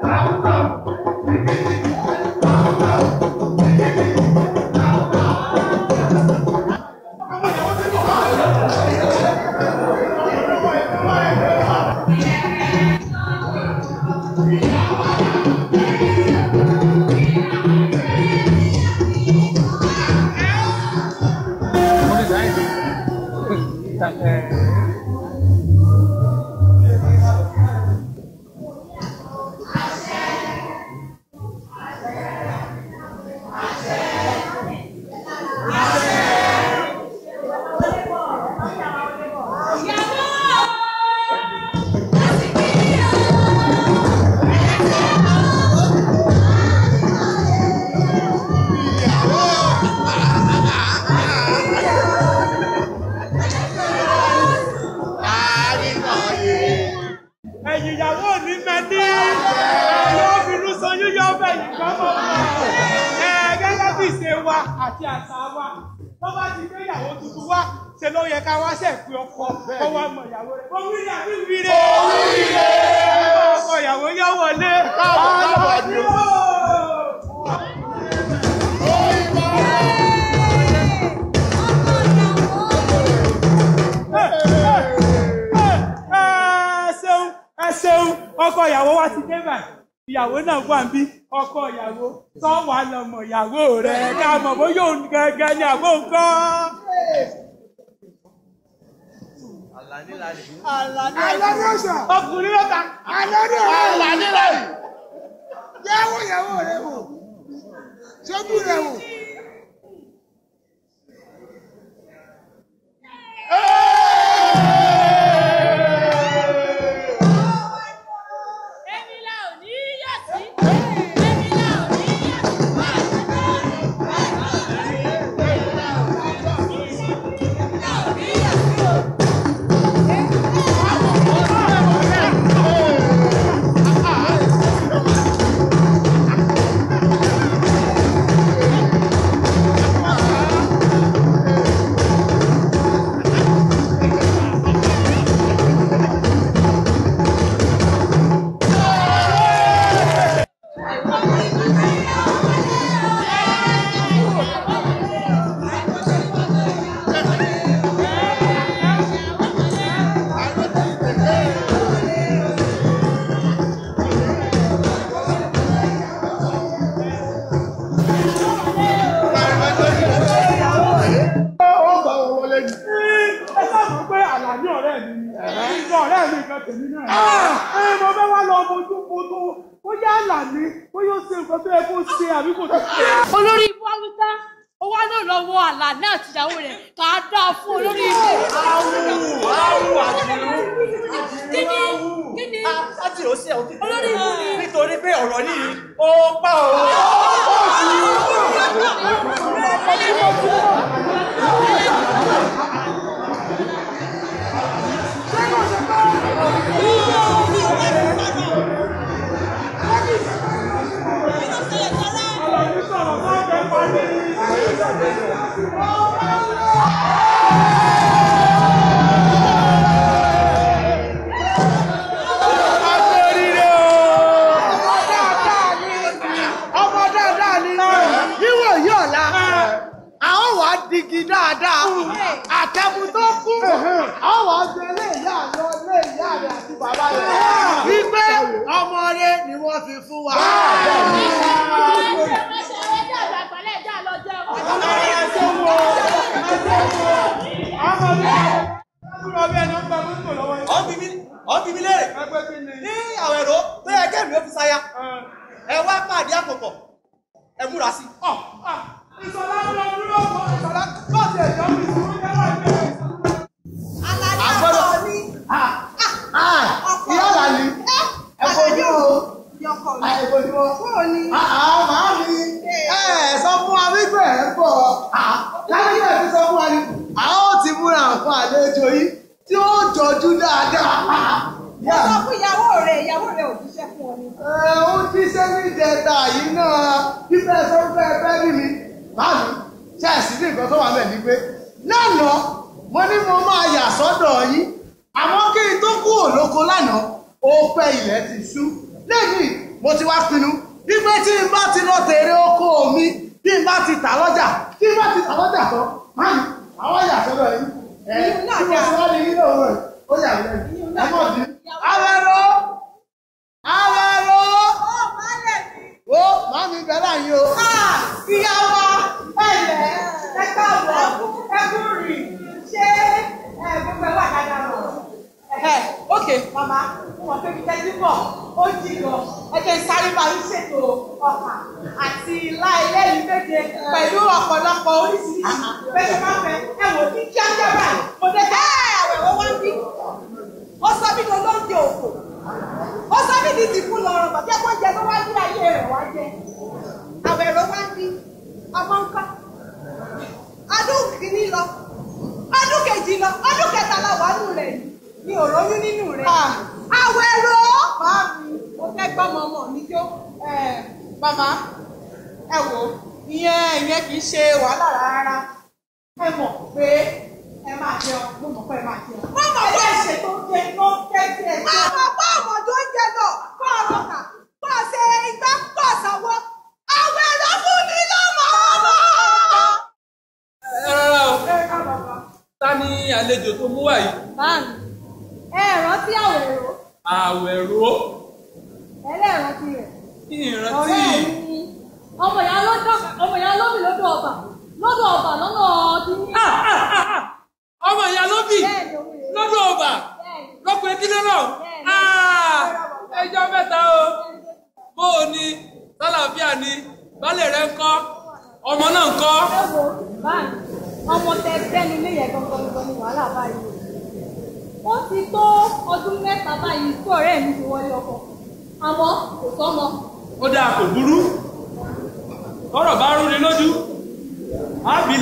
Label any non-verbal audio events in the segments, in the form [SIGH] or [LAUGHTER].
Tá, tá. ẹ̀yìn ìyàwó mi mẹ́ni ẹ̀yìn obìnrin sọ yíyọ ọbẹ̀ yìí kan mọ́ ẹ̀ gẹ́gẹ́ bí ìṣe wa àti àṣà wa wọ́n bá ti gbé ìyàwó tuntun wá ṣe ló yẹ ká wá ṣe pé ọkọ ọwọ́ ọmọ ìyàwó rẹ̀. owó ìyàwó ìwúre owó ìwúre ọmọ ìyàwó yọ wọlé ọmọ ìyàwó. ìyàwó náà wà bí ọkọ ìyàwó tó wà lọmọ ìyàwó rẹ ká mọ̀ bóyá òun gẹ́gẹ́ ni àbó nǹkan. Àlàní lálẹ́. Ọkùnrin lọ́ta. Àlàní ọ̀sà. Àlàní lálẹ́. Yẹ́wò yẹ̀wò rẹ̀ wò. Sójú rẹ̀ wò. nǹkan ọ̀rẹ́ mi nǹkan tèmi náà. ẹ ah! ẹ mo fẹ́ wá lọ mojú mojú bóyá àlàní bóyá ó ṣe nǹkan tó yẹ kó ṣe àbí kò tó ṣe. olórí ibú awúsá ó wá náà lọ wọ àlàní àti ìyàwó rẹ̀ kà á dáa fún olórí ibú. awu awu àdìrú àdìrú awu àdìrú sí ẹ olórí ibú nítorí pé ọ̀rọ̀ yìí ó pa òun. digi dáadáa àtẹ̀kù tó kú ọwọ́ ọgbẹ́lẹ̀ ìyá rẹ̀ ọlẹ́ ìyá rẹ̀ àti bàbá rẹ̀ wípé ọmọ rẹ̀ ni wọ́n fi fún wa. ọ̀bí mi léèrè ní àwọn èrò tó yẹ kẹ́mi ó fi ṣaya ẹ wá pàdé àpòpọ̀ ẹ múra sí. ìṣọ̀lá ń ni. ìyá àlàlí ẹ fojú màá mi ẹ sọ fún ọ̀rọ̀ yìí àmọ́ kí n tó kúrò lóko lánàá ó pẹ́ ilẹ̀ ti ṣú lẹ́yìn mo ti wá pinnu wípé tí n bá ti lọ tèrè oko mi tí n bá ti tà lọ́jà tí n bá ti tà lọ́jà tán máa àwọn ìyá àṣọ́dọ̀ yìí ẹ̀yìn tí mo ti wá ní ó yà lẹ́yìn ẹ̀mọ́ di awẹ́rọ́ awẹ́rọ́ ó máa mi bẹ́ẹ̀ láyé o. bèbí tẹ́tí pọ̀ ó jì lọ ẹ̀jẹ̀ sáré máa ń ṣètò ọkà àti ilá eléyìí méje pẹ̀lú ọ̀pọ̀lọpọ̀ oríṣiríṣi bẹ́ẹ̀ máa fẹ́ ẹ wò ní kíákíá báyìí mo dé ẹ́ àwẹ̀wọ̀ wá bí ó sọ mí lọ lóúnjẹ òkò ó sọ mí di dìkú lọ́rùn bàbá ẹ̀kọ́ jẹ ló wá ní ayé rẹ̀ wá jẹ àwẹ̀rọ̀ wá bí ọmọ ńkọ́ ọdún kìíní lọ ọdún kejì lọ ọdún kẹta lọ wà nù rẹ̀ ni ò nínú rẹ̀. Ah. Àwẹ̀rò. Màá mi, mo fẹ́ gbọ́ ọmọ ọmọ mi jó. Bàbá ẹ wò ìyẹn ìyẹn kì í ṣe wàhálà rárá. Ẹ mọ̀ pé ẹ máa jẹun, mo mọ̀ pé ẹ máa jẹun. Mo mọ̀ pé ẹ ṣe tó jẹ tó jẹ tiẹ̀ jẹun. Àwọn ọmọ ọmọ tó ń jẹ lọ kọ́ ọlọ́kà kọ́ ọ̀sẹ̀ igbá kọ́ ọ̀sánwó. Àwẹ̀rò fún mi lọ́mọ ọmọ. Ẹ rárá o. Ta ni àlejò tó mú wá yìí? àwẹ̀ ró. ẹlẹ́rántí rẹ̀. kí ni ìrántí. ọ̀rẹ́ mi ni ọmọ ìyá lọ́dọ̀ ọmọ ìyá lóbì lọ́dọ̀ ọba lọ́dọ̀ ọba lọ́nà ní. Ah, ah, ah, ọmọ ìyá ọba lọ́pọ̀ náà ẹjọ́ mẹ́ta o bó o ní ni ń kọ́ ọmọ náà ń kọ́. ọmọ tẹ wàhálà báyìí. ó ti tó ọdún mẹ́ta báyìí kó ọ̀rẹ́ mi ti wọlé ọkọ àmọ́ kò sọ́mọ. ó dáa kò burú ọ̀rọ̀ bá rú ni lójú á ni.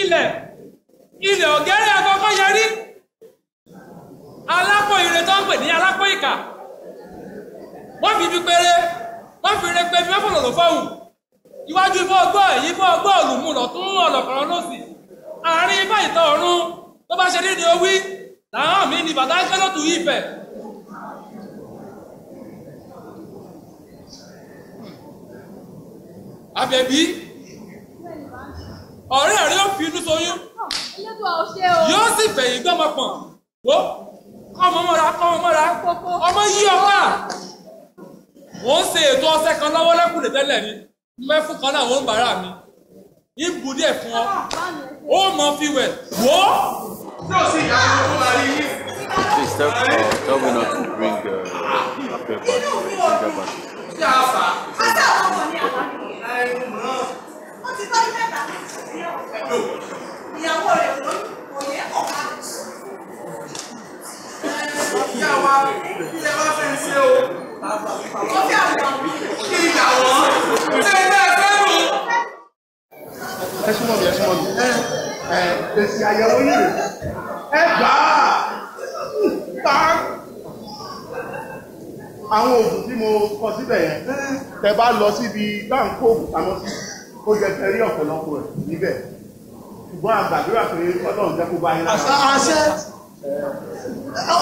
ilẹ̀ ilẹ̀ ọ̀gẹ́rẹ́ àkọ́kọ́ yẹrí alápò ire tó ń pè ní ìkà wọ́n fi péré wọ́n fi iwájú ifọ̀ ọgbọ́ èyí fọ́ ọgbọ́ òlùmú lọ́tún ọ̀lọ̀kọ̀rọ̀ lọ́sì àárín ifá ìtọ̀ ọ̀run tó bá ṣe dédé owí làwọn mi ni bàtà ń kẹ́lọ́tù Ifẹ̀. àbẹ̀bí ọ̀rẹ́ rẹ yóò fi inú soyún yóò sì fẹ̀yìn gbọ́mọpọ̀n wo ọmọ mọ́ra ọmọ mọ́ra ọmọ yí ọ̀ká òun ṣe ètò ọ̀sẹ̀ kan lọ́wọ́ lẹ́kùnrin tẹ́lẹ̀ ni mẹ́fún kan náà wọ́n bàárà mi ìbù díẹ̀ fún ọ ó mọ fi wẹ̀ wọ́. ṣé o sì yà á ló máa rí yín. Sister, uh, tell me not to bring uh, apple back. Ginger back. Ṣé a fà? Ṣé àwọn ọmọ ní àwọn ènìyàn? Ẹ ti tọ́jú mẹ́ta. àwọn oògùn tí mo kọ síbẹ̀ yẹn tẹ bá lọ síbi báńkò oògùn pamọ́ sí ó jẹ tẹrí ọ̀pọ̀lọpọ̀ ẹ̀ níbẹ̀ ṣùgbọ́n àgbàdúrà pé ọlọ́run jẹ́ kó bá yín lára. àṣẹ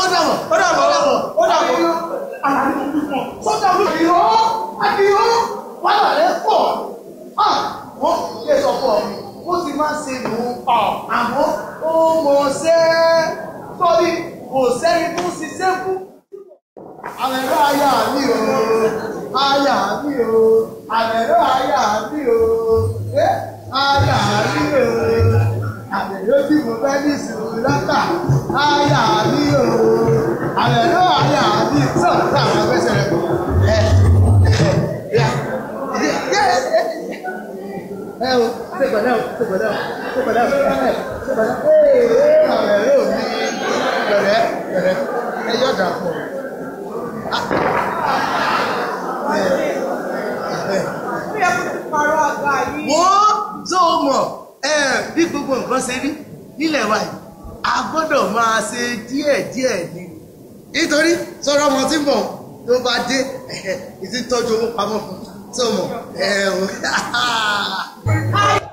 ó dàbọ̀ ó dàbọ̀ ó dàbọ̀ àlàyé òkú kan ó dàbọ̀ ìhó àdìhó wàhálà rẹ̀ pọ̀ ah, wọ́n lè sọ pọ̀ ó ti máa ń ṣe nù ah, àmọ́ ó mọ̀ ọ́ sẹ́ àyà mi o àyà mi o àbẹ̀rẹ̀ àyà mi o ẹ àyà mi o àbẹ̀rẹ̀ tí mo fẹ́ ní ìsìnkú lọ́tà àyà mi o àbẹ̀rẹ̀ àyà mi sọ̀rọ̀ tí àwọn afẹ́sẹ̀ rẹ̀ kọ̀ ẹ ẹ o ṣe pẹ̀lẹ́ o ṣe pẹ̀lẹ́ o ṣe pẹ̀lẹ́ o ṣe pẹ̀lẹ́ o àbẹ̀rẹ̀ o mi bẹ̀rẹ̀ bẹ̀rẹ̀ ẹ yọ̀dà pọ̀. nílẹ̀ wa yìí a gbọ́dọ̀ máa ṣe díẹ̀ díẹ̀ ni nítorí sọ̀rọ̀ ọmọ tí mọ̀ ló bá dé ìtìtọ́jú owó pamọ́ fún sọ̀mọ̀ ẹ̀ẹ́n. [LAUGHS]